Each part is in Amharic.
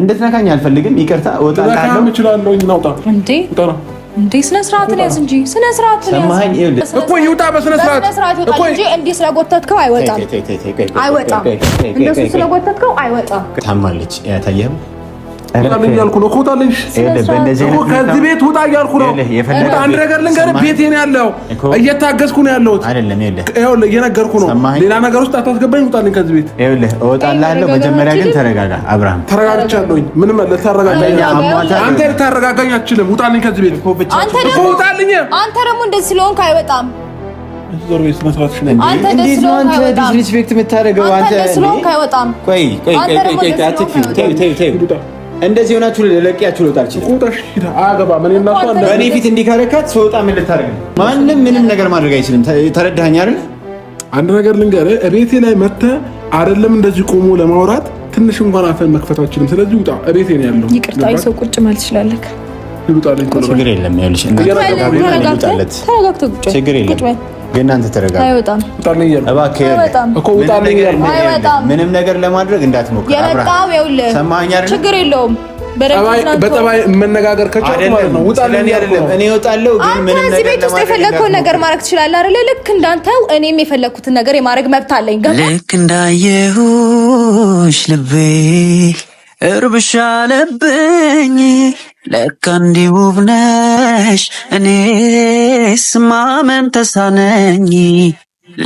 እንድትነካኝ አልፈልግም። ይቅርታ እወጣለሁ። እናውጣ እንዴ! እንዴ! ስነ እንጂ ስነ እኮ ይውጣ። በስነ ስርዓት እኮ እንጂ ስለጎተትከው እንደሱ ስለጎተትከው ታማለች። እያልኩ ነው። ከዚህ ቤት ውጣ እያልኩ ነው። አንድ ነገር ልንገርህ፣ ቤቴ ነው ያለው፣ እየታገዝኩ ነው ያለሁት፣ እየነገርኩ ነው። ሌላ ነገር ውስጥ አታስገባኝ፣ ውጣልኝ ከዚህ ቤት። እወጣልሃለሁ። መጀመሪያ ግን ተረጋጋ አብርሃም። ተረጋግቻለሁኝ። ምንም አንተ ልታረጋጋኝ አትችልም። ውጣልኝ ከዚህ ቤት። ውጣልኝ። አንተ ደግሞ እንደዚህ ስለሆንክ አይወጣም አንተ እንደዚህ ሆናችሁ ለለቂያችሁ ልወጣ አልችልም። በእኔ ፊት እንዲህ ካረካት ስወጣ ምን ልታደርግ ነው? ማንም ምንም ነገር ማድረግ አይችልም። ተረዳኸኝ አይደል? አንድ ነገር ልንገርህ፣ እቤቴ ላይ መተህ አይደለም እንደዚህ ቆሞ ለማውራት ትንሽ እንኳን አፈን መክፈት አልችልም። ስለዚህ ውጣ። እቤቴ ነው ያለው። ይቅርታ፣ ሰው ቁጭ ማለት ትችላለህ። ችግር የለም። ተረጋግተህ ቁጭ የእናንተ ተረጋጋ። ምንም ነገር ለማድረግ እንዳትሞክር። ችግር የለውም በጠባይ መነጋገር ከቻልኩ ቤት ውስጥ የፈለግከውን ነገር ማድረግ ትችላለህ አይደለ? ልክ እንዳንተው እኔም የፈለግኩትን ነገር የማድረግ መብት አለኝ። ልክ እንዳየሁሽ ልቤ እርብሻ አለብኝ ለካ እንዲህ ውብ ነሽ እኔስ ማመን ተሳነኝ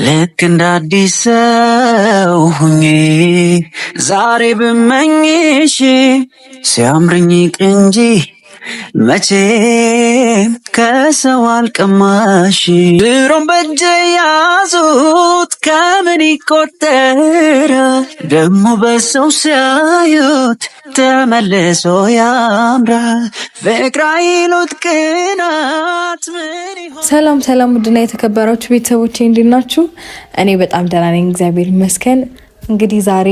ልክ እንደ አዲስ ሰው ሁኜ ዛሬ ብመኝሽ ሲያምርኝ ቅንጂ መቼም ከሰው አልቀማሽ ድሮም በእጄ ያዙት ከምን ይቆጠራል ደግሞ በሰው ሲያዩት ተመልሶ ያምራል ፍቅር አይሉት ቅናት ምን ይሆን። ሰላም ሰላም፣ ውድና የተከበራችሁ ቤተሰቦቼ እንዴት ናችሁ? እኔ በጣም ደህና ነኝ እግዚአብሔር ይመስገን። እንግዲህ ዛሬ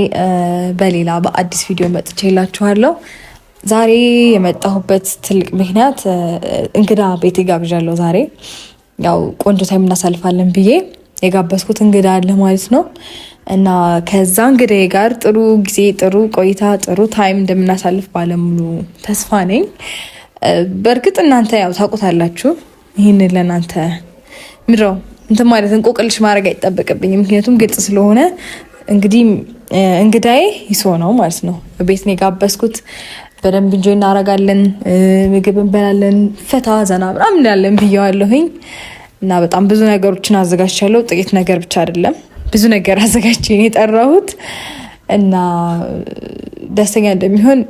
በሌላ በአዲስ ቪዲዮ መጥቼ ይላችኋለሁ። ዛሬ የመጣሁበት ትልቅ ምክንያት እንግዳ ቤቴ ጋብዣለሁ። ዛሬ ያው ቆንጆ ታይም እናሳልፋለን ብዬ የጋበዝኩት እንግዳ አለ ማለት ነው እና ከዛ እንግዳ ጋር ጥሩ ጊዜ፣ ጥሩ ቆይታ፣ ጥሩ ታይም እንደምናሳልፍ ባለሙሉ ተስፋ ነኝ። በእርግጥ እናንተ ያው ታውቁታላችሁ። ይህን ለእናንተ ምድረው እንትን ማለት እንቆቅልሽ ማድረግ አይጠበቅብኝ፣ ምክንያቱም ግልጽ ስለሆነ እንግዲህ እንግዳዬ ይሶ ነው ማለት ነው። ቤት ነው የጋበዝኩት። በደንብ እንጆ እናረጋለን፣ ምግብ እንበላለን፣ ፈታ ዘና ምናምን ያለን ብያዋለሁኝ እና በጣም ብዙ ነገሮችን አዘጋጅቻለሁ። ጥቂት ነገር ብቻ አይደለም ብዙ ነገር አዘጋጅ የጠራሁት እና ደስተኛ እንደሚሆን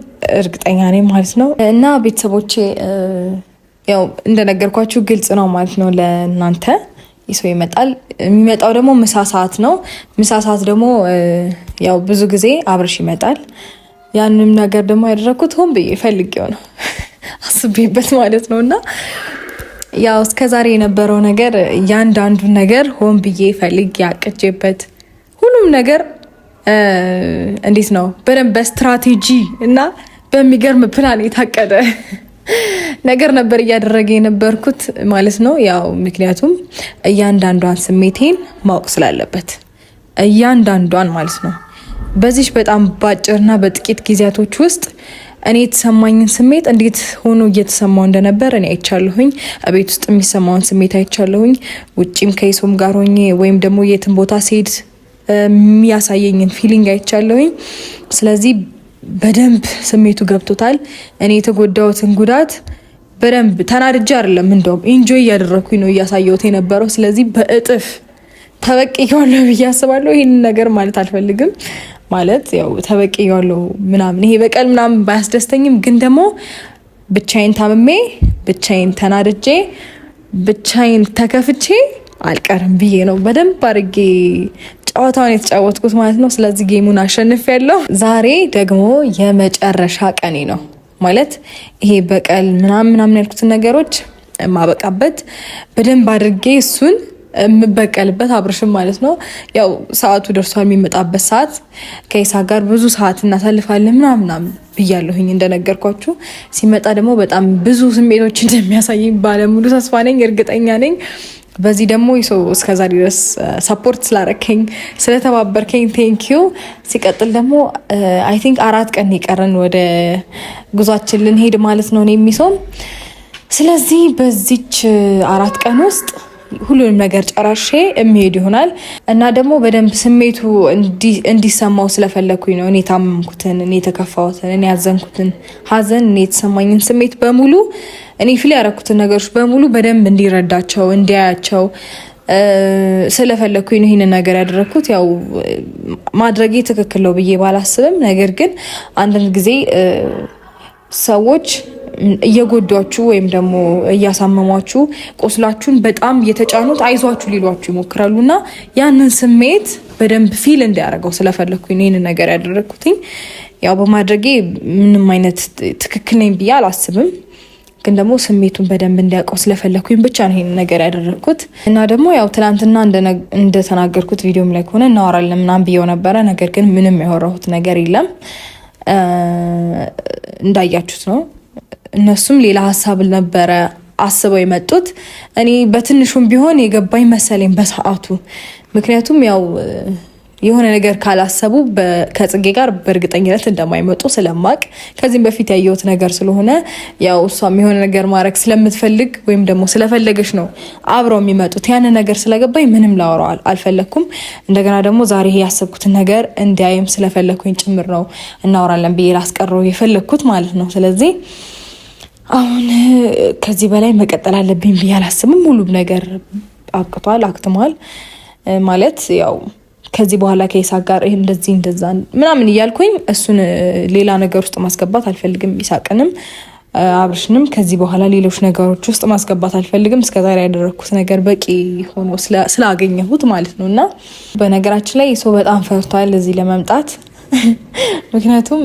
እርግጠኛ ነኝ ማለት ነው። እና ቤተሰቦቼ ያው እንደነገርኳችሁ ግልጽ ነው ማለት ነው ለእናንተ ሰው ይመጣል። የሚመጣው ደግሞ ምሳ ሰዓት ነው። ምሳ ሰዓት ደግሞ ያው ብዙ ጊዜ አብርሽ ይመጣል። ያንንም ነገር ደግሞ ያደረግኩት ሆን ብዬ ፈልጌው ነው አስቤበት ማለት ነው። እና ያው እስከዛሬ የነበረው ነገር እያንዳንዱን ነገር ሆን ብዬ ፈልጌ ያቅጄበት ሁሉም ነገር እንዴት ነው በደንብ በስትራቴጂ እና በሚገርም ፕላን የታቀደ ነገር ነበር እያደረገ የነበርኩት ማለት ነው። ያው ምክንያቱም እያንዳንዷን ስሜቴን ማወቅ ስላለበት እያንዳንዷን ማለት ነው በዚህ በጣም ባጭርና በጥቂት ጊዜያቶች ውስጥ እኔ የተሰማኝን ስሜት እንዴት ሆኖ እየተሰማው እንደነበር እኔ አይቻለሁኝ። ቤት ውስጥ የሚሰማውን ስሜት አይቻለሁኝ። ውጭም ከይሶም ጋር ሆኜ ወይም ደግሞ የትን ቦታ ስሄድ የሚያሳየኝን ፊሊንግ አይቻለሁኝ። ስለዚህ በደንብ ስሜቱ ገብቶታል። እኔ የተጎዳሁትን ጉዳት በደንብ ተናድጄ አይደለም፣ እንደውም ኢንጆይ እያደረግኩኝ ነው እያሳየሁት የነበረው። ስለዚህ በእጥፍ ተበቅ ያለው ብዬ አስባለሁ። ይህንን ነገር ማለት አልፈልግም። ማለት ያው ያለው ምናምን ይሄ በቀል ምናምን ባያስደስተኝም ግን ደግሞ ብቻዬን ታምሜ ብቻዬን ተናድጄ ብቻዬን ተከፍቼ አልቀርም ብዬ ነው በደንብ አድርጌ ጨዋታውን የተጫወትኩት ማለት ነው። ስለዚህ ጌሙን አሸንፍ ያለው ዛሬ ደግሞ የመጨረሻ ቀኔ ነው ማለት ይሄ በቀል ምናምን ምናምን ያልኩትን ነገሮች የማበቃበት በደንብ አድርጌ እሱን የምበቀልበት አብርሽም ማለት ነው። ያው ሰዓቱ ደርሷል፣ የሚመጣበት ሰዓት ከይሳ ጋር ብዙ ሰዓት እናሳልፋለን ምናምናም ብያለሁኝ እንደነገርኳችሁ። ሲመጣ ደግሞ በጣም ብዙ ስሜቶች እንደሚያሳየኝ ባለሙሉ ተስፋ ነኝ፣ እርግጠኛ ነኝ። በዚህ ደግሞ ሰው እስከዛ ድረስ ሰፖርት ስላረከኝ ስለተባበርከኝ ቴንኪዩ። ሲቀጥል ደግሞ አይ ቲንክ አራት ቀን የቀረን ወደ ጉዟችን ልንሄድ ማለት ነው ነው የሚሰውም ስለዚህ በዚች አራት ቀን ውስጥ ሁሉንም ነገር ጨራሼ የሚሄድ ይሆናል እና ደግሞ በደንብ ስሜቱ እንዲሰማው ስለፈለግኩኝ ነው። እኔ ታመምኩትን፣ እኔ የተከፋሁትን፣ እኔ ያዘንኩትን ሀዘን፣ እኔ የተሰማኝን ስሜት በሙሉ እኔ ፊል ያረኩትን ነገሮች በሙሉ በደንብ እንዲረዳቸው እንዲያያቸው ስለፈለግኩኝ ነው ይህንን ነገር ያደረግኩት። ያው ማድረጌ ትክክል ነው ብዬ ባላስብም፣ ነገር ግን አንዳንድ ጊዜ ሰዎች እየጎዷችሁ ወይም ደግሞ እያሳመሟችሁ ቁስላችሁን በጣም እየተጫኑት አይዟችሁ ሊሏችሁ ይሞክራሉ እና ያንን ስሜት በደንብ ፊል እንዲያደርገው ስለፈለግኩኝ ይህን ነገር ያደረግኩትኝ። ያው በማድረጌ ምንም አይነት ትክክል ነኝ ብዬ አላስብም፣ ግን ደግሞ ስሜቱን በደንብ እንዲያውቀው ስለፈለግኩኝ ብቻ ነው ይህን ነገር ያደረግኩት። እና ደግሞ ያው ትናንትና እንደተናገርኩት ቪዲዮም ላይ ከሆነ እናወራለን ምናምን ብየው ነበረ። ነገር ግን ምንም ያወራሁት ነገር የለም እንዳያችሁት ነው። እነሱም ሌላ ሀሳብ ነበረ አስበው የመጡት። እኔ በትንሹም ቢሆን የገባኝ መሰለኝ በሰዓቱ። ምክንያቱም ያው የሆነ ነገር ካላሰቡ ከጽጌ ጋር በእርግጠኝነት እንደማይመጡ ስለማቅ ከዚህም በፊት ያየሁት ነገር ስለሆነ ያው እሷም የሆነ ነገር ማድረግ ስለምትፈልግ ወይም ደግሞ ስለፈለገች ነው አብረው የሚመጡት። ያንን ነገር ስለገባኝ ምንም ላወራዋል አልፈለግኩም። እንደገና ደግሞ ዛሬ ያሰብኩትን ነገር እንዲያይም ስለፈለግኩኝ ጭምር ነው እናወራለን ብዬ ላስቀረው የፈለግኩት ማለት ነው። ስለዚህ አሁን ከዚህ በላይ መቀጠል አለብኝ ብዬ አላስብም። ሁሉም ነገር አቅቷል፣ አክትሟል ማለት ያው ከዚህ በኋላ ከይሳቅ ጋር ይህ እንደዚህ እንደዛ ምናምን እያልኩኝ እሱን ሌላ ነገር ውስጥ ማስገባት አልፈልግም። ይሳቅንም አብርሽንም ከዚህ በኋላ ሌሎች ነገሮች ውስጥ ማስገባት አልፈልግም። እስከዛሬ ያደረግኩት ነገር በቂ ሆኖ ስላገኘሁት ማለት ነው። እና በነገራችን ላይ ሰው በጣም ፈርቷል እዚህ ለመምጣት ምክንያቱም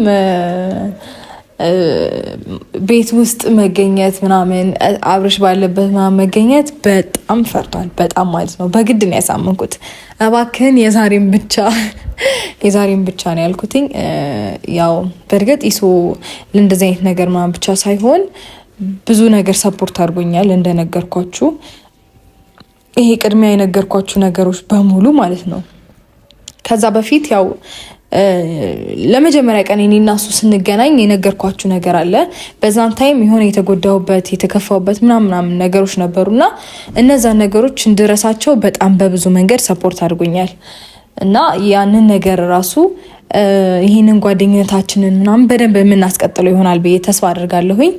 ቤት ውስጥ መገኘት ምናምን አብረሽ ባለበት ምናምን መገኘት በጣም ፈርቷል። በጣም ማለት ነው። በግድ ነው ያሳመንኩት። እባክህን የዛሬን ብቻ የዛሬን ብቻ ነው ያልኩትኝ። ያው በእርግጥ ኢሶ ለእንደዚህ አይነት ነገር ምናምን ብቻ ሳይሆን ብዙ ነገር ሰፖርት አድርጎኛል እንደነገርኳችሁ ይሄ ቅድሚያ የነገርኳችሁ ነገሮች በሙሉ ማለት ነው። ከዛ በፊት ያው ለመጀመሪያ ቀን እኔ እና እሱ ስንገናኝ የነገርኳችሁ ነገር አለ። በዛን ታይም የሆነ የተጎዳሁበት የተከፋሁበት ምናምናምን ነገሮች ነበሩና እነዛን ነገሮች እንድረሳቸው በጣም በብዙ መንገድ ሰፖርት አድርጎኛል እና ያንን ነገር ራሱ ይህንን ጓደኝነታችንን ምናምን በደንብ የምናስቀጥለው ይሆናል ብዬ ተስፋ አድርጋለሁኝ።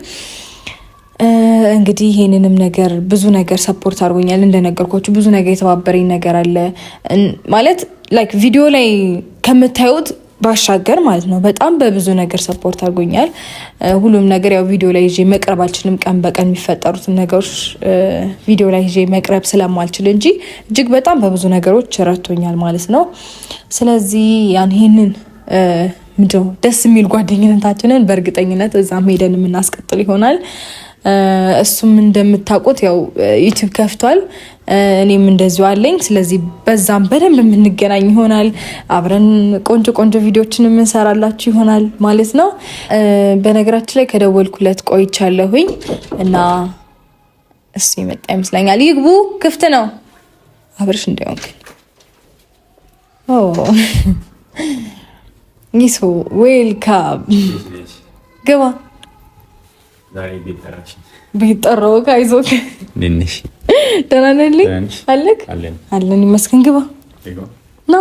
እንግዲህ ይሄንንም ነገር ብዙ ነገር ሰፖርት አድርጎኛል። እንደነገርኳችሁ ብዙ ነገር የተባበረኝ ነገር አለ ማለት ላይክ ቪዲዮ ላይ ከምታዩት ባሻገር ማለት ነው። በጣም በብዙ ነገር ሰፖርት አድርጎኛል። ሁሉም ነገር ያው ቪዲዮ ላይ ይዤ መቅረብ አልችልም። ቀን በቀን የሚፈጠሩትን ነገሮች ቪዲዮ ላይ ይዤ መቅረብ ስለማልችል እንጂ እጅግ በጣም በብዙ ነገሮች ረቶኛል ማለት ነው። ስለዚህ ያን ይህንን ምንድነው ደስ የሚል ጓደኝነታችንን በእርግጠኝነት እዛም ሄደን የምናስቀጥል ይሆናል። እሱም እንደምታውቁት ያው ዩቲዩብ ከፍቷል። እኔም እንደዚሁ አለኝ። ስለዚህ በዛም በደንብ የምንገናኝ ይሆናል። አብረን ቆንጆ ቆንጆ ቪዲዮችን የምንሰራላችሁ ይሆናል ማለት ነው። በነገራችን ላይ ከደወልኩለት ቆይቻለሁኝ እና እሱ የመጣ ይመስለኛል። ይግቡ፣ ክፍት ነው። አብርሽ እንዳይሆን ይሶ ዌልካም ግባ ቤት ጠራሁ። አይዞህ ደህና ነህልኝ? አለክ አለን ይመስገን። ግባ ና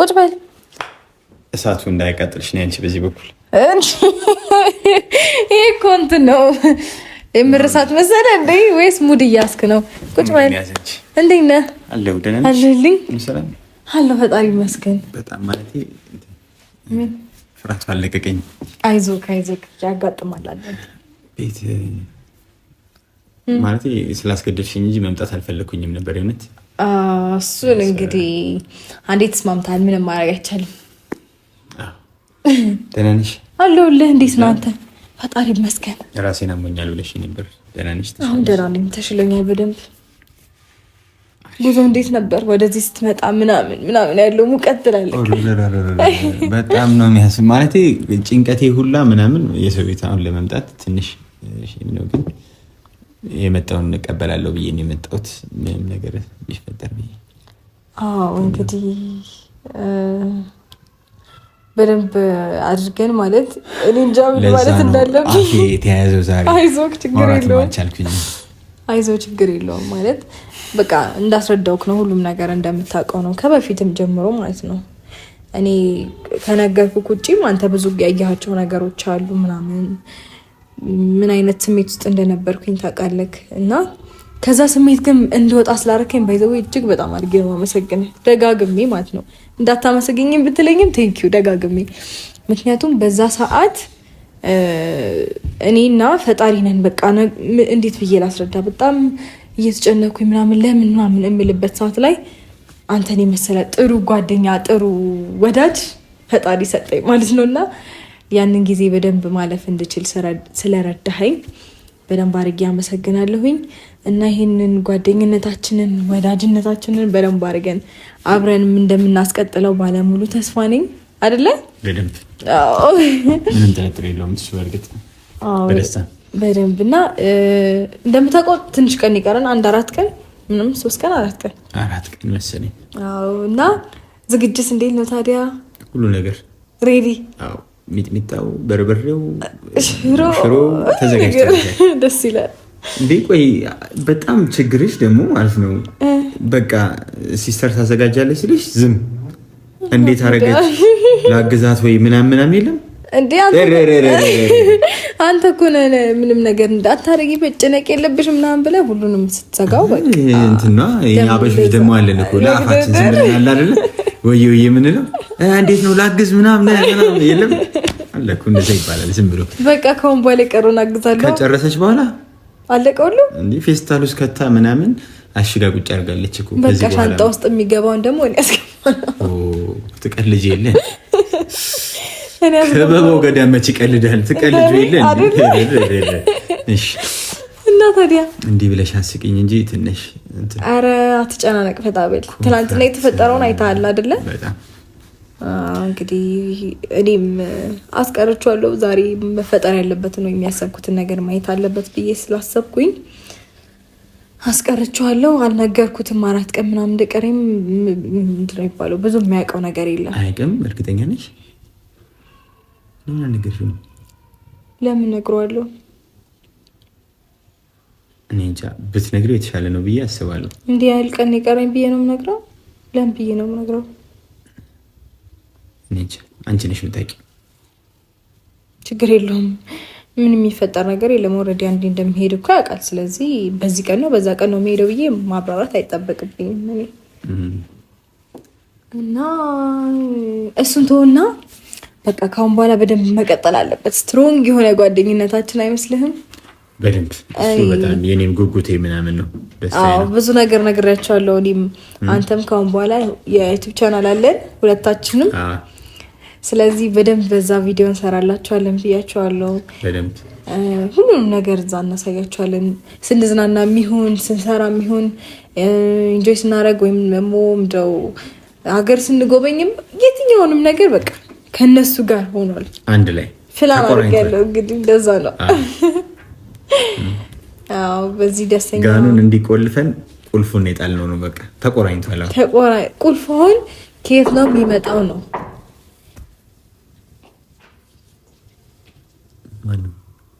ቁጭ በል። እሳቱ እንዳይቀጥልሽ ነው አንቺ በዚህ በኩል ይሄ እኮ እንትን ነው የምር እሳት እንዴ? ወይስ ሙድ እያስክ ነው? ቁጭ በል። እንዴት ነህ? አለሁ፣ ደህና ነሽ? አለሁልኝ። አለሁ፣ ፈጣሪ ይመስገን። በጣም ማለቴ ፍራቱ አለቀቀኝ። አይዞህ አይዞህ፣ ያጋጥማል ቤት ማለት ስላስገደድሽኝ እንጂ መምጣት አልፈለግኩኝም ነበር። የእውነት እሱን እንግዲህ አንዴ ተስማምተሃል፣ ምንም ማድረግ አይቻልም። ደህና ነሽ? አለሁልህ። እንዴት ነህ አንተ? ፈጣሪ ይመስገን። ራሴን አሞኛል ብለሽ ነበር። ደህና ነሽ? አሁን ደህና ነኝ፣ ተሽሎኛል በደንብ ጉዞ እንዴት ነበር? ወደዚህ ስትመጣ ምናምን ምናምን ያለው ሙቀት ትላለህ። በጣም ነው የሚያስ ማለት ጭንቀቴ ሁላ ምናምን የሰው ቤት አሁን ለመምጣት ትንሽ ነው፣ ግን የመጣውን እንቀበላለሁ ብዬ ነው የመጣሁት። ምንም ነገር ቢፈጠር ብዬ አዎ። እንግዲህ በደንብ አድርገን ማለት እኔ እንጃ ምን ማለት እንዳለብኝ። የተያያዘው ዛሬ አይዞህ ችግር የለውም አይዞህ ችግር የለውም ማለት በቃ እንዳስረዳውክ ነው ሁሉም ነገር እንደምታውቀው ነው ከበፊትም ጀምሮ ማለት ነው። እኔ ከነገርኩህ ውጪም አንተ ብዙ ያየሃቸው ነገሮች አሉ ምናምን ምን አይነት ስሜት ውስጥ እንደነበርኩኝ ታውቃለህ። እና ከዛ ስሜት ግን እንድወጣ ስላደረከኝ ባይዘ እጅግ በጣም አድርጌ ነው የማመሰግንህ ደጋግሜ ማለት ነው። እንዳታመሰግኝም ብትለኝም ቴንኪው ደጋግሜ። ምክንያቱም በዛ ሰዓት እኔና ፈጣሪ ነን። በቃ እንዴት ብዬ ላስረዳ በጣም እየተጨነኩኝ ምናምን ለምን ምናምን የምልበት ሰዓት ላይ አንተን የመሰለ ጥሩ ጓደኛ ጥሩ ወዳጅ ፈጣሪ ሰጠኝ ማለት ነው እና ያንን ጊዜ በደንብ ማለፍ እንድችል ስለረዳኸኝ በደንብ አድርጌ አመሰግናለሁኝ እና ይህንን ጓደኝነታችንን ወዳጅነታችንን በደንብ አድርገን አብረንም እንደምናስቀጥለው ባለሙሉ ተስፋ ነኝ። አይደለ? በደንብ ምንም ጥርጥር የለውም። እሱ በእርግጥ በደስታ በደንብ እና እንደምታውቀው ትንሽ ቀን ይቀረን፣ አንድ አራት ቀን ምንም ሶስት ቀን አራት ቀን አራት ቀን መሰለኝ። እና ዝግጅት እንዴት ነው ታዲያ? ሁሉ ነገር ሬዲ ሚጥሚጣው፣ በርበሬው፣ ሽሮ ተዘጋጅቷል። ደስ ይላል። እንዴ ቆይ በጣም ችግርሽ ደግሞ ማለት ነው በቃ ሲስተር ታዘጋጃለች ስልሽ ዝም እንዴት አረገች ላግዛት ወይ ምናምን ምናምን የለም እንዴ አንተ እኮ ነህ ምንም ነገር እንዳታረጊ መጨነቅ የለብሽ ምናምን ብለህ ሁሉንም ስትዘጋው በቃ እንትና አበሾች ደግሞ አለን እኮ ለአፋችን ዝም ብለን ያለ አይደለ ወየ ወየ የምንለው እንዴት ነው ላግዝ ምናምን የለም አለ እኮ እንደዛ ይባላል። ዝም ብሎ በቃ ከሁን በኋላ ቀሩን አግዛለሁ ከጨረሰች በኋላ አለቀውሉ እንዲ ፌስታል ውስጥ ከታ ምናምን አሽጋ ቁጭ አድርጋለች እኮ በቃ ሻንጣ ውስጥ የሚገባውን ደግሞ እኔ ያስገባ ትቀልጅ የለን ከበባው ጋር መች ይቀልዳል። ትቀልጁ የለ እና ታዲያ እንዲህ ብለሽ አስቂኝ እንጂ ትንሽ ኧረ አትጨናነቅ። ፈጣቤል ትናንትና የተፈጠረውን አይተሃል አይደለ? እንግዲህ እኔም አስቀርቼዋለሁ። ዛሬ መፈጠር ያለበትን ወይም የሚያሰብኩትን ነገር ማየት አለበት ብዬ ስላሰብኩኝ አስቀርቼዋለሁ። አልነገርኩትም። አራት ቀን ምናምን እንደቀረኝ ምንድን ነው የሚባለው ብዙ የሚያውቀው ነገር የለም። አይቅም እርግጠኛ ነሽ? ለምን አልነገርሽውም? ለምን እነግረዋለሁ? እኔ እንጃ። ብትነግሪው የተሻለ ነው ብዬ አስባለሁ። እንዲህ ያህል ቀን የቀረኝ ብዬ ነው የምነግረው? ለምን ብዬ ነው የምነግረው? እኔ እንጃ። አንቺ ነሽ የምታውቂው። ችግር የለውም። ምን የሚፈጠር ነገር የለም። ኦልሬዲ አንዴ እንደሚሄድ እኮ ያውቃል። ስለዚህ በዚህ ቀን ነው በዛ ቀን ነው የሚሄደው ብዬ ማብራራት አይጠበቅብኝም። እኔ እና እሱን ተወና በቃ ካሁን በኋላ በደንብ መቀጠል አለበት። ስትሮንግ የሆነ ጓደኝነታችን አይመስልህም? በደንብ በጣም የኔም ጉጉቴ ምናምን ነው። ብዙ ነገር ነግሬያቸዋለሁ። እኔም አንተም ካሁን በኋላ የዩቱብ ቻናል አለን ሁለታችንም። ስለዚህ በደንብ በዛ ቪዲዮ እንሰራላቸዋለን ብያቸዋለሁ። ሁሉንም ነገር እዛ እናሳያቸዋለን። ስንዝናና የሚሆን ስንሰራ የሚሆን ኢንጆይ ስናደርግ ወይም ደግሞ ምንድነው ሀገር ስንጎበኝም የትኛውንም ነገር በቃ ከነሱ ጋር ሆኗል። አንድ ላይ ፕላን አድርጌያለሁ። እንግዲህ እንደዛ ነው። አዎ በዚህ ደስተኛ ጋኑን እንዲቆልፈን ቁልፉን የጣልነው ነው። በቃ ተቆራኝቷል። ቁልፉን ከየት ነው የሚመጣው ነው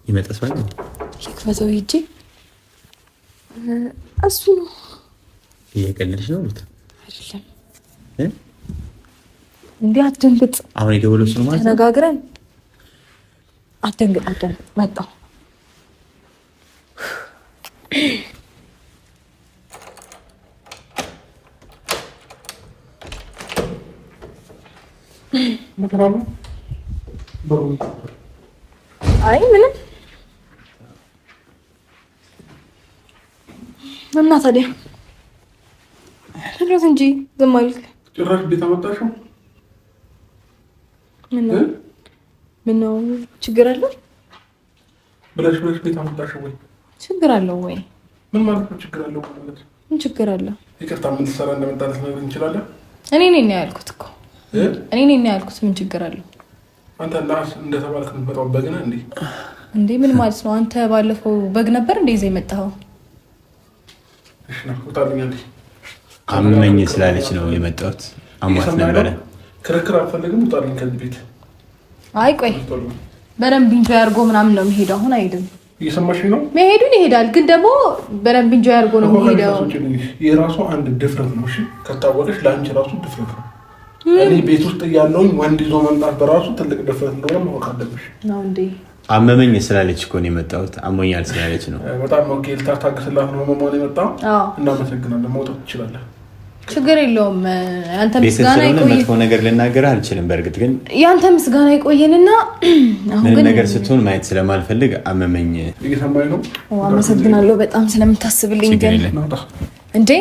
ይመጣ ሰው ይክፈተው ሂጂ እሱ ነው እየቀለድሽ ነው አይደለም እንዲህ አትደንግጥ። አሁን የደወለው እሱ ማለት ተነጋግረን አትደንግጥ፣ አትደንግጥ። መጣሁ አይ ምንም እና ታዲያ እንጂ ዝም አልክ ጭራሽ ቤት አመጣሽው ምነው ችግር አለው ብለሽ ብለሽ ቤት አመጣሽ ወይ? ችግር አለው ወይ? ምን ማለት ነው ችግር አለው ማለት? ምን ችግር አለው? ይቅርታ ምን ትሰራ እንችላለን። እኔ ነኝ ያልኩት እኮ እኔ ነኝ ያልኩት። ምን ችግር አለው? አንተ ላስ እንደተባልክ የምትመጣው በግ ነህ እንዴ? እንዴ ምን ማለት ነው? አንተ ባለፈው በግ ነበር እንዴ ይዘህ የመጣኸው? እሺ ነው ታልኛለህ። አመመኝ ስላለች ነው የመጣሁት። አሟት ነበረ ክርክር አልፈልግም፣ ውጣልኝ ከዚህ ቤት። አይ ቆይ በደንብ እንጆ ያርጎ ምናምን ነው የሚሄደው። አሁን አይሄድም። እየሰማሽ ነው? መሄዱን ይሄዳል፣ ግን ደግሞ በደንብ እንጆ ያርጎ ነው የሚሄደው። የራሱ አንድ ድፍረት ነው። እሺ ከታወቀሽ ለአንቺ ራሱ ድፍረት ነው። እኔ ቤት ውስጥ እያለሁኝ ወንድ ይዞ መምጣት በራሱ ትልቅ ድፍረት እንደሆነ ማወቅ አለብሽ። አመመኝ ስላለች እኮ ነው የመጣሁት። አሞኛል ስላለች ነው። በጣም ታግስላት ነው መሆን የመጣው። እናመሰግናለን። መውጣት ትችላለን። ችግር የለውም። አንተ ምስጋና ይቆይ። መጥፎ ነገር ልናገር አልችልም። በእርግጥ ግን ያንተ ምስጋና ይቆየንና ምን ነገር ስትሆን ማየት ስለማልፈልግ አመመኝ። አመሰግናለሁ በጣም ስለምታስብልኝ። ግን እንዴ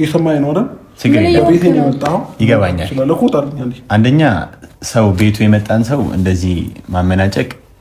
እየሰማኸኝ ነው አይደል? ይገባኛል። አንደኛ ሰው ቤቱ የመጣን ሰው እንደዚህ ማመናጨቅ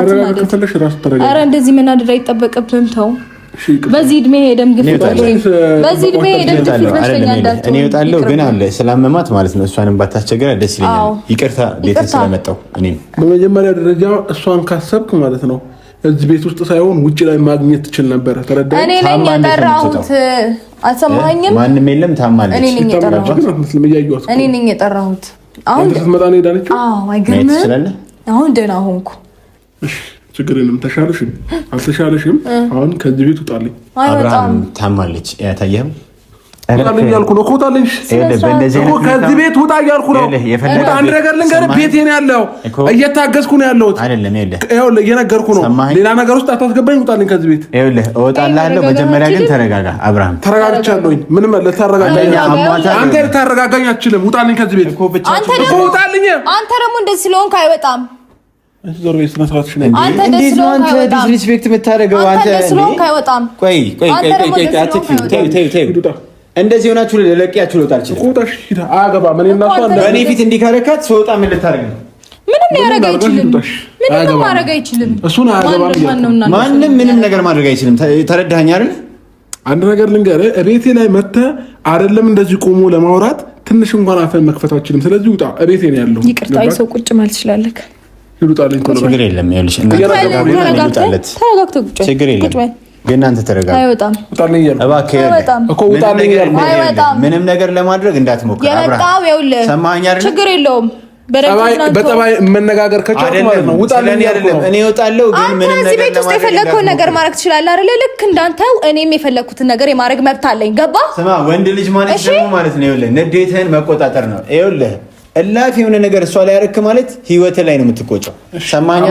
አረ እንደዚህ መናደድ አይጠበቅብህም። ተው በዚህ እድሜ የደም ግፊት በዚህ እድሜ የደም እኔ እወጣለሁ ግን አለ ስላመማት ማለት ነው። እሷንም ባታስቸግራ ደስ ይለኛል። ይቅርታ ቤት ስለመጣሁ እኔ በመጀመሪያ ደረጃ እሷን ካሰብክ ማለት ነው እዚህ ቤት ውስጥ ሳይሆን ውጭ ላይ ማግኘት ትችል ነበረ። ተረዳ። እኔ ነኝ የጠራሁት። አልሰማኸኝም? ማንም የለም። ታማለች። እኔ ነኝ የጠራሁት። አሁን ስትመጣ ነው ሄዳለች። አይገርምም? አሁን ደህና ሆንኩ። ችግር የለም። ተሻለሽም አልተሻለሽም አሁን ከዚህ ቤት ውጣልኝ። አብርሃም ታማለች። ያታየህም እያልኩ ነው። ከውጣልሽ ከዚህ ቤት ውጣ እያልኩ ነው። አንድ ነገር ልንገርህ፣ ቤቴ ነው ያለው፣ እየታገዝኩ ነው ያለሁት፣ እየነገርኩ ነው። ሌላ ነገር ውስጥ አታስገባኝ። ውጣልኝ ከዚህ ቤት። እወጣልሃለሁ። መጀመሪያ ግን ተረጋጋ አብርሃም። ተረጋግቻለሁኝ። ምንም ልታረጋጋኝ አንተ ልታረጋጋኝ አትችልም። ውጣልኝ ከዚህ ቤት። ውጣልኝ። አንተ ደግሞ እንደዚህ ስለሆንክ አይወጣም አንተ ደስ ብሎን እንደዚህ ሆናችሁ ፊት ስወጣ ምን ልታደርግ ነው? ማድረግ አይችልም። ማንም ምንም ነገር ማድረግ አይችልም። ተረዳኸኝ አይደል? አንድ ነገር ልንገርህ፣ እቤቴ ላይ መተህ አይደለም እንደዚህ ቆሞ ለማውራት ትንሽ እንኳን አፈን መክፈት ስለዚህ ውጣ። እቤቴ ነው ያለው። ይቅርታ፣ ሰው ቁጭ ማለት ትችላለህ ግን ምንም ነገር ለማድረግ እንዳትሞክር። ችግር የለውም። በጠባይ መነጋገር ከቻልኩ ማለት ቤት ውስጥ የፈለግከውን ነገር ማድረግ ትችላለህ አይደለ? ልክ እንዳንተው እኔም የፈለግኩትን ነገር የማድረግ መብት አለኝ። ገባ? ስማ፣ ወንድ ልጅ ማለት ደግሞ ማለት ነው ይኸውልህ፣ ንዴትህን መቆጣጠር ነው ይኸውልህ እላፍ የሆነ ነገር እሷ ላይ ያረክ ማለት ህይወት ላይ ነው የምትቆጨው። ሰማኛ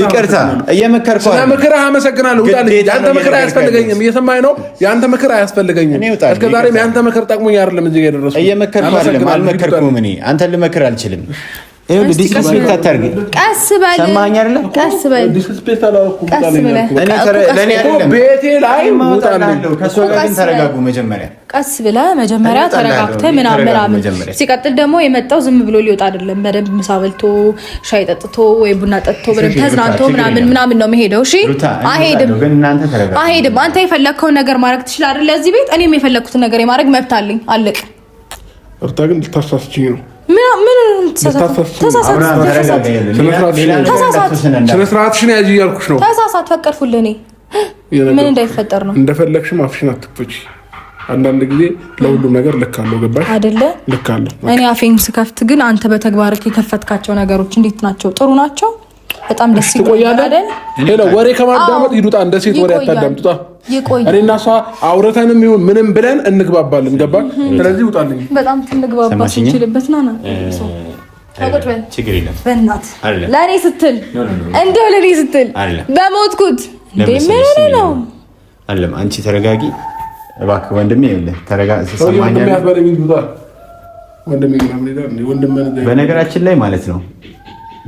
ይቅርታ እየመከርኩ ምክር አመሰግናለሁ። አንተ ምክር አያስፈልገኝም። እየሰማኝ ነው። የአንተ ምክር አያስፈልገኝም። እስከዛሬም የአንተ ምክር ጠቅሞኝ አይደለም እዚህ የደረሱ እየመከርኩ አይደለም። አልመከርኩም። እኔ አንተን ልመክር አልችልም። ቀስ በል ብለህ መጀመሪያ ተረጋግተህ ምናምን ምናምን። ሲቀጥል ደግሞ የመጣው ዝም ብሎ ሊወጣ አይደለም። በደንብ ምሳ በልቶ ሻይ ጠጥቶ ወይ ቡና ጠጥቶ በደንብ ተዝናንቶ ምናምን ምናምን ነው የሚሄደው እሺ፣ አሄድም አሄድም። አንተ የፈለግከውን ነገር ማድረግ ትችላለህ አይደለ? እዚህ ቤት እኔም የፈለግኩትን ነገር የማድረግ መብት አለኝ። አለቅ። ሩታ ግን ልታሳስችኝ ነው ስነስርዓትሽን ያዥ እያልኩሽ ነው። ተሳሳት ፈቀድኩልህ። እኔ ምን እንዳይፈጠር ነው። እንደፈለግሽም አፍሽን አትክፈች። አንዳንድ ጊዜ ለሁሉም ነገር ልክ አለው። ገባሽ አይደለ? ልክ አለው። እኔ አፌን ስከፍት ግን አንተ በተግባር የከፈትካቸው ነገሮች እንዴት ናቸው? ጥሩ ናቸው። በጣም ደስ ይቆያል ወሬ ከማዳመጥ ይዱጣ። እንደ ሴት ወሬ አታዳም እኔ እና እሷ አውርተንም ይሁን ምንም ብለን እንግባባለን። ገባ? ስለዚህ ውጣልኝ። በጣም ትንግባባ ሲችልበት ና ችግር የለም በእናትህ ለእኔ ስትል እንደው ለእኔ ስትል በሞትኩት ምን ነው አለም። አንቺ ተረጋጊ እባክህ ወንድሜ፣ በነገራችን ላይ ማለት ነው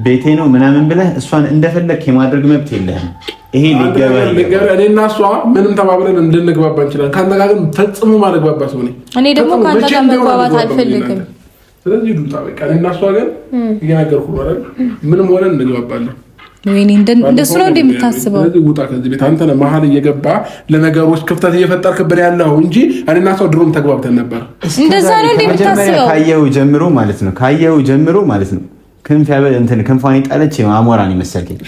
ቤቴ ነው ምናምን ብለህ እሷን እንደፈለግ የማድረግ መብት የለህም። ይሄ እኔ እና እሷ ምንም ተባብለን እንድንግባባ እንችላለን። ከአንተ ጋር ግን ፈጽሞ ማለግባባ ሆኔ እኔ ደግሞ ከአንተ ጋር መግባባት አልፈልግም። ስለዚህ ዱጣ በቃ እና እሷ ግን እየነገርኩ ነው አይደል? ምንም ሆነ እንግባባለን። ወይኔ እንደሱ ነው እንደምታስበው። ስለዚህ ውጣ ከዚህ ቤት አንተ መሀል እየገባ ለነገሮች ክፍተት እየፈጠርክብን ያለው እንጂ እኔና ሰው ድሮም ተግባብተን ነበር። እንደዛ ነው እንደምታስበው። ካየው ጀምሮ ማለት ነው ካየው ጀምሮ ማለት ነው ክንፍ ያበል እንትን ክንፏን የጣለች አሞራን የመሰልከኝ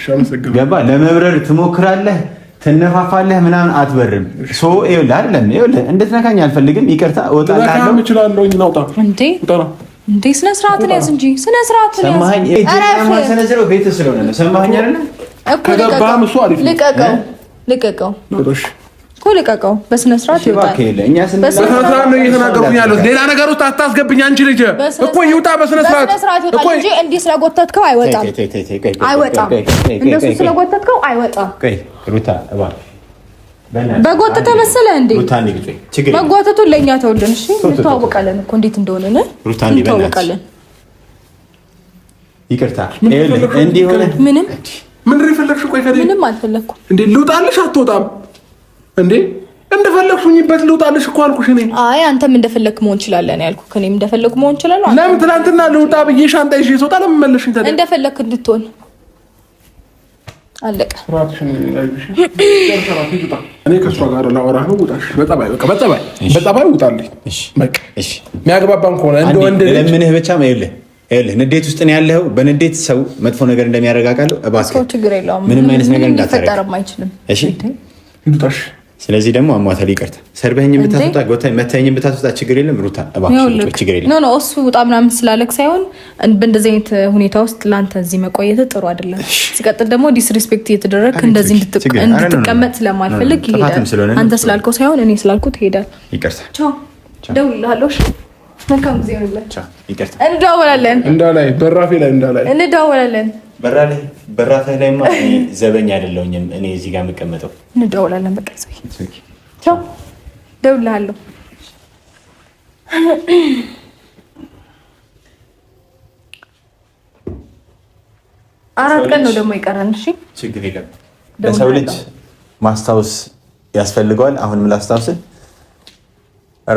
ገባ። ለመብረር ትሞክራለህ፣ ትነፋፋለህ፣ ምናምን አትበርም። ሶ ይኸውልህ አይደለም ይኸውልህ እንድትነካኝ አልፈልግም። ይቅርታ እወጣለሁ። እንዴ ስነ ስርዓት ያዝ እንጂ ስነ ስርዓት ነው። እኮ ልቀቀው፣ ልቀቀው እኮ ልቀቀው። በስነ ስርዓት ይወጣል። ሌላ ነገር ውስጥ አታስገብኝ አንቺ ልጅ እኮ ይውጣ። በስነ ስርዓት እኮ እንጂ እንዲህ ስለጎተትከው አይወጣም፣ አይወጣም። እንደሱ ስለጎተትከው አይወጣም። በጎተተ መሰለ እንዴ? ሩታኒ መጓተቱን ለእኛ ተውልን። እሺ እንተዋወቃለን እኮ እንዴት እንደሆነ ሩታኒ እንተዋወቃለን። ይቅርታ ሆነ። ምንም ምንድን ነው የፈለግሽው? ቆይ ከእኔ ምንም አልፈለግኩም። እንዴ ልውጣልሽ? አትወጣም እንዴ? እንደፈለግሽኝበት ልውጣልሽ እኮ አልኩሽ። እኔ አይ አንተም እንደፈለግ መሆን እችላለሁ ነው ያልኩህ። እኔም እንደፈለግ መሆን እችላለሁ። ለምን ትናንትና ልውጣ ብዬ ሻንጣ ይዤ ስወጣ ለምን መለስሽኝ? እንደፈለግ እንድትሆን አለቀ። እኔ ከእሷ ጋር ነው። በጠባይ በቃ በጠባይ በጠባይ ውጣልኝ። የሚያግባባን ከሆነ እንደ ወንድ ለምንህ ብቻ ይኸውልህ፣ ንዴት ውስጥ ነው ያለኸው። በንዴት ሰው መጥፎ ነገር እባክህ፣ ችግር የለውም ምንም አይነት ነገር እንዳታረግ። ስለዚህ ደግሞ አሟተል ይቅርታ ሰርበኝ የምታስወጣ ጎታ መታኝ የምታስወጣ ችግር የለም። ሩታ ችግር የለም። ኖ እሱ ወጣ ምናምን ስላለክ ሳይሆን በእንደዚህ አይነት ሁኔታ ውስጥ ለአንተ እዚህ መቆየት ጥሩ አይደለም። ሲቀጥል ደግሞ ዲስሪስፔክት እየተደረግ እንደዚህ እንድትቀመጥ ስለማልፈልግ አንተ ስላልከው ሳይሆን እኔ ስላልኩት ይሄዳል። ይቅርታ። እደውልልሃለሁ። እንዳላይ በራፌ ላይ እንዳላይ እንደዋወላለን። በራፌ ላይ ዘበኛ አይደለሁኝም እኔ እዚህ ጋር የምቀመጠው። እንደዋወላለን። በቃ ቻው ደውላለሁ። አራት ቀን ነው ደግሞ ይቀረን። እሺ ችግር የለም። ለሰው ልጅ ማስታወስ ያስፈልገዋል። አሁንም ላስታውስን፣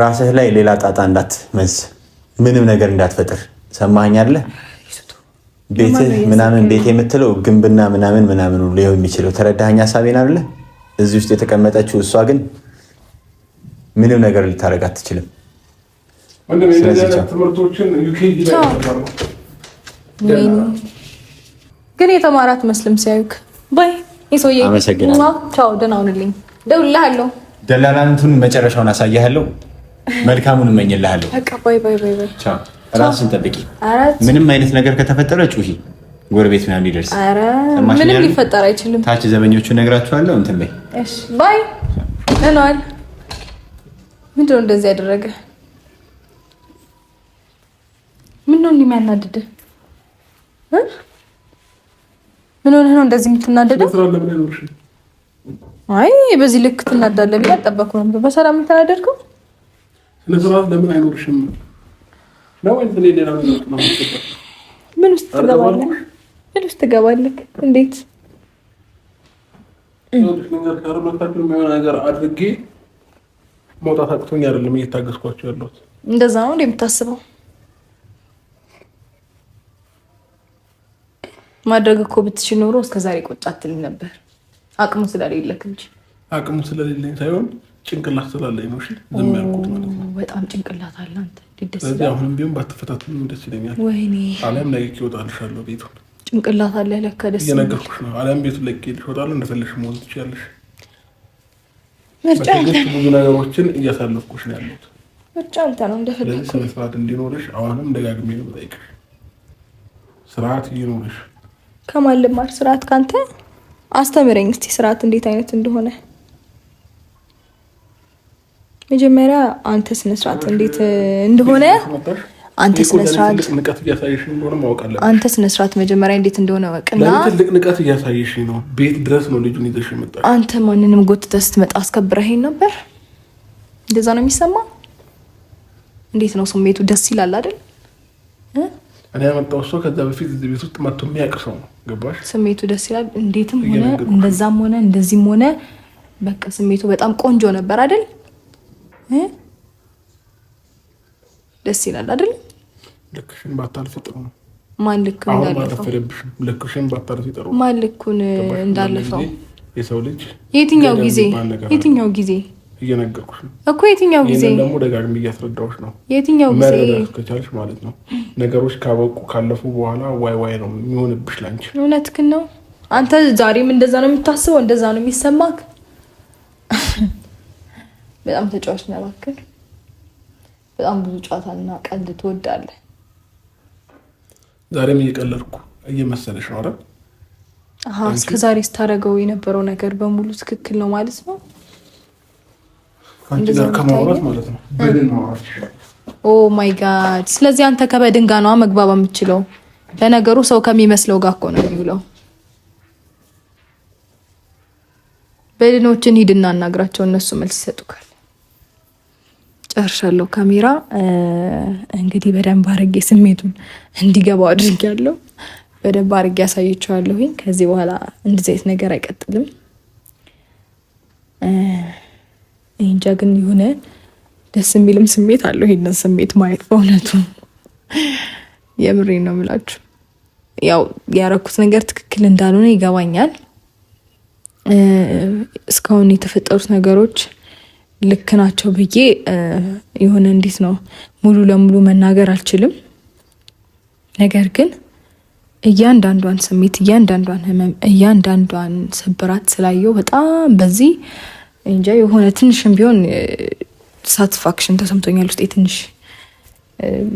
ራስህ ላይ ሌላ ጣጣ እንዳትመዝ፣ ምንም ነገር እንዳትፈጥር። ሰማኸኝ አለ ቤትህ ምናምን ቤት የምትለው ግንብና ምናምን ምናምን ሊሆን የሚችለው ተረዳኸኝ? ሀሳቤን አለ እዚህ ውስጥ የተቀመጠችው እሷ ግን ምንም ነገር ልታደርግ አትችልም። ግን የተማረ አትመስልም ሲያዩክ። በይ ሰውዬ ደላላንቱን መጨረሻውን አሳያለሁ። መልካሙን እመኝልሃለሁ። ራስን ጠብቂ። ምንም አይነት ነገር ከተፈጠረ ጩሂ፣ ጎረቤት ምናምን ይደርስ። ምንም ሊፈጠር አይችልም። ታች ዘመኞቹን ነግራችኋለሁ። እንትን ላይ ባይ ምንድነው እንደዚህ ያደረገ? ምነው እንዲህ የሚያናድድ? ምን ሆነህ ነው እንደዚህ የምትናደደው? አይ በዚህ ልክ ትናዳለህ ብዬ አልጠበኩም። በሰላም የምትናደድከው ለስራት ለምን አይኖርሽም? ምን ውስጥ ትገባለህ? ምን ውስጥ ትገባለህ? እንዴት ነገር አድርጌ መውጣት አቅቶኝ አይደለም እየታገስኳቸው ያለሁት። እንደዛ ነው እንደ የምታስበው ማድረግ እኮ ብትችል ኖሮ እስከዛሬ ዛሬ ቁጭ አትልም ነበር። አቅሙ ስለሌለክ እንጂ አቅሙ ስለሌለኝ ሳይሆን ጭንቅላት ስላለኝ ነው። ዝም ያልኩት ማለት ነው። በጣም ጭንቅላት አለ አንተ። ስለዚህ አሁንም ቢሆን ባትፈታትም ደስ ይለኛል። ወይኔ አሊያም ነገ እወጣልሻለሁ ቤቱን። ጭንቅላት አለ ለካ። ደስ እየነገርኩሽ ነው። አሊያም ቤቱን ለቅቄልሽ እወጣለሁ። እንደፈለሽ መሆን ትችያለሽ። በትዕግስት ብዙ ነገሮችን እያሳለፍኩሽ ነው ያሉት። ምርጫ አልታ ነው እንደፈለግ ስነ ስርዓት እንዲኖርሽ አሁንም ደጋግሜ ነው የምጠይቅሽ። ስርዓት ይኖርሽ። ከማን ልማር ስርዓት? ካንተ አስተምረኝ እስቲ ስርዓት እንዴት አይነት እንደሆነ መጀመሪያ አንተ ስነ ስርዓት እንዴት እንደሆነ አንተ ስነስርዓት ስነስርዓት መጀመሪያ እንዴት እንደሆነ ወቅና ትልቅ ንቀት እያሳየሽ ነው። ቤት ድረስ ነው ልጁን ይዘሽ መጣ። አንተ ማንንም ጎትተህ ስትመጣ አስከብረኸኝ ነበር። እንደዛ ነው የሚሰማ። እንዴት ነው ስሜቱ? ደስ ይላል አይደል? እኔ ያመጣው ሰው ከዛ በፊት እዚህ ቤት ውስጥ መጥቶ የሚያውቅ ሰው ነው። ገባሽ? ስሜቱ ደስ ይላል። እንዴትም ሆነ እንደዛም ሆነ እንደዚህም ሆነ በቃ ስሜቱ በጣም ቆንጆ ነበር አይደል? ደስ ይላል አይደል? ልክሽን ባታልፊ ጥሩ ነው። ማን ልክ እንዳለፈው ልክሽን ባታልፊ ጥሩ ነው። ማን ልኩን እንዳለፈው የሰው ልጅ የትኛው ጊዜ የትኛው ጊዜ እየነገርኩሽ ነው እኮ የትኛው ጊዜ ደግሞ ደጋግሜ እያስረዳሁሽ ነው። የትኛው ጊዜ መረዳት ከቻልሽ ማለት ነው ነገሮች ካበቁ ካለፉ በኋላ ዋይ ዋይ ነው የሚሆንብሽ ላንቺ። እውነትህን ነው። አንተ ዛሬም እንደዛ ነው የምታስበው፣ እንደዛ ነው የሚሰማክ። በጣም ተጫዋች ነው እባክህ። በጣም ብዙ ጨዋታና ቀልድ ትወዳለህ። ዛሬም እየቀለድኩ እየመሰለሽ ነው አይደል? እስከ ዛሬ ስታደርገው የነበረው ነገር በሙሉ ትክክል ነው ማለት ነው። ከአንቺ ጋር ከማውራት ማለት ነው በድን ማውራት። ኦ ማይ ጋድ! ስለዚህ አንተ ከበድን ጋር ነዋ መግባብ የምችለው። ለነገሩ ሰው ከሚመስለው ጋር እኮ ነው የሚውለው። በድኖችን ሂድና አናግራቸው፣ እነሱ መልስ ይሰጡካል። ጨርሻለሁ። ካሜራ እንግዲህ በደንብ አድርጌ ስሜቱን እንዲገባው አድርጌያለሁ። በደንብ አድርጌ ያሳየችዋለሁኝ። ከዚህ በኋላ እንደዚህ አይነት ነገር አይቀጥልም። እንጃ ግን የሆነ ደስ የሚልም ስሜት አለው ይህንን ስሜት ማየት በእውነቱ የምሬ ነው የምላችሁ። ያው ያረኩት ነገር ትክክል እንዳልሆነ ይገባኛል። እስካሁን የተፈጠሩት ነገሮች ልክ ናቸው ብዬ የሆነ እንዴት ነው ሙሉ ለሙሉ መናገር አልችልም። ነገር ግን እያንዳንዷን ስሜት፣ እያንዳንዷን ህመም፣ እያንዳንዷን ስብራት ስላየው በጣም በዚህ እንጃ የሆነ ትንሽም ቢሆን ሳትስፋክሽን ተሰምቶኛል። ውስጤ ትንሽ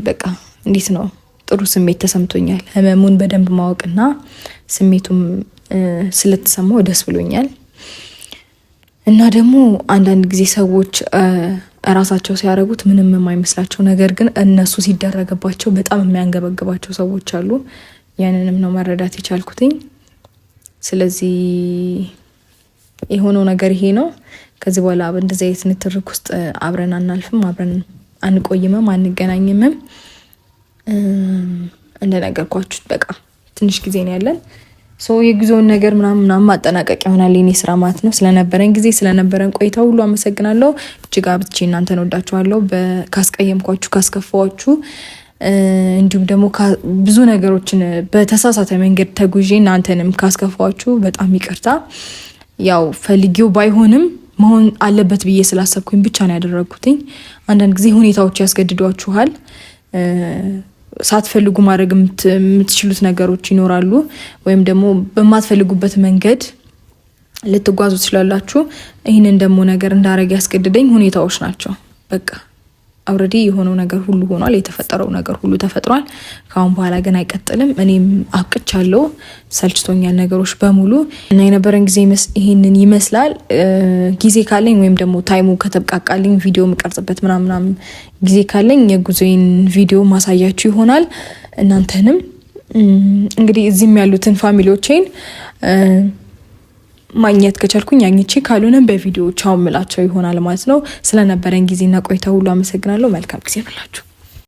በቃ እንዴት ነው ጥሩ ስሜት ተሰምቶኛል። ህመሙን በደንብ ማወቅና ስሜቱም ስለተሰማው ደስ ብሎኛል። እና ደግሞ አንዳንድ ጊዜ ሰዎች እራሳቸው ሲያደርጉት ምንም የማይመስላቸው ነገር ግን እነሱ ሲደረግባቸው በጣም የሚያንገበግባቸው ሰዎች አሉ። ያንንም ነው መረዳት የቻልኩትኝ። ስለዚህ የሆነው ነገር ይሄ ነው። ከዚህ በኋላ እንደዚህ አይነት ንትርክ ውስጥ አብረን አናልፍም፣ አብረን አንቆይምም፣ አንገናኝምም። እንደነገርኳችሁት በቃ ትንሽ ጊዜ ነው ያለን። የጉዞውን ነገር ምናምን ምናምን ማጠናቀቅ ይሆናል የኔ ስራ ማለት ነው። ስለነበረን ጊዜ ስለነበረን ቆይታ ሁሉ አመሰግናለሁ። እጅግ አብዝቼ እናንተን ወዳችኋለሁ። ካስቀየምኳችሁ፣ ካስከፋዋችሁ እንዲሁም ደግሞ ብዙ ነገሮችን በተሳሳተ መንገድ ተጉዤ እናንተንም ካስከፋዋችሁ በጣም ይቅርታ። ያው ፈልጌው ባይሆንም መሆን አለበት ብዬ ስላሰብኩኝ ብቻ ነው ያደረግኩትኝ። አንዳንድ ጊዜ ሁኔታዎች ያስገድዷችኋል። ሳትፈልጉ ማድረግ የምትችሉት ነገሮች ይኖራሉ፣ ወይም ደግሞ በማትፈልጉበት መንገድ ልትጓዙ ትችላላችሁ። ይህንን ደግሞ ነገር እንዳረግ ያስገድደኝ ሁኔታዎች ናቸው በቃ አውረዲ የሆነው ነገር ሁሉ ሆኗል። የተፈጠረው ነገር ሁሉ ተፈጥሯል። ከአሁን በኋላ ግን አይቀጥልም። እኔም አብቅቻለሁ፣ ሰልችቶኛል ነገሮች በሙሉ እና የነበረን ጊዜ ይህንን ይመስላል። ጊዜ ካለኝ ወይም ደግሞ ታይሙ ከተብቃቃልኝ ቪዲዮ የምቀርጽበት ምናምናም ጊዜ ካለኝ የጉዞዬን ቪዲዮ ማሳያችሁ ይሆናል። እናንተንም እንግዲህ እዚህም ያሉትን ፋሚሊዎቼን ማግኘት ከቻልኩኝ አግኝቼ ካልሆነም በቪዲዮ ቻው ምላቸው ይሆናል ማለት ነው። ስለነበረን ጊዜና ቆይታ ሁሉ አመሰግናለሁ። መልካም ጊዜ ብላችሁ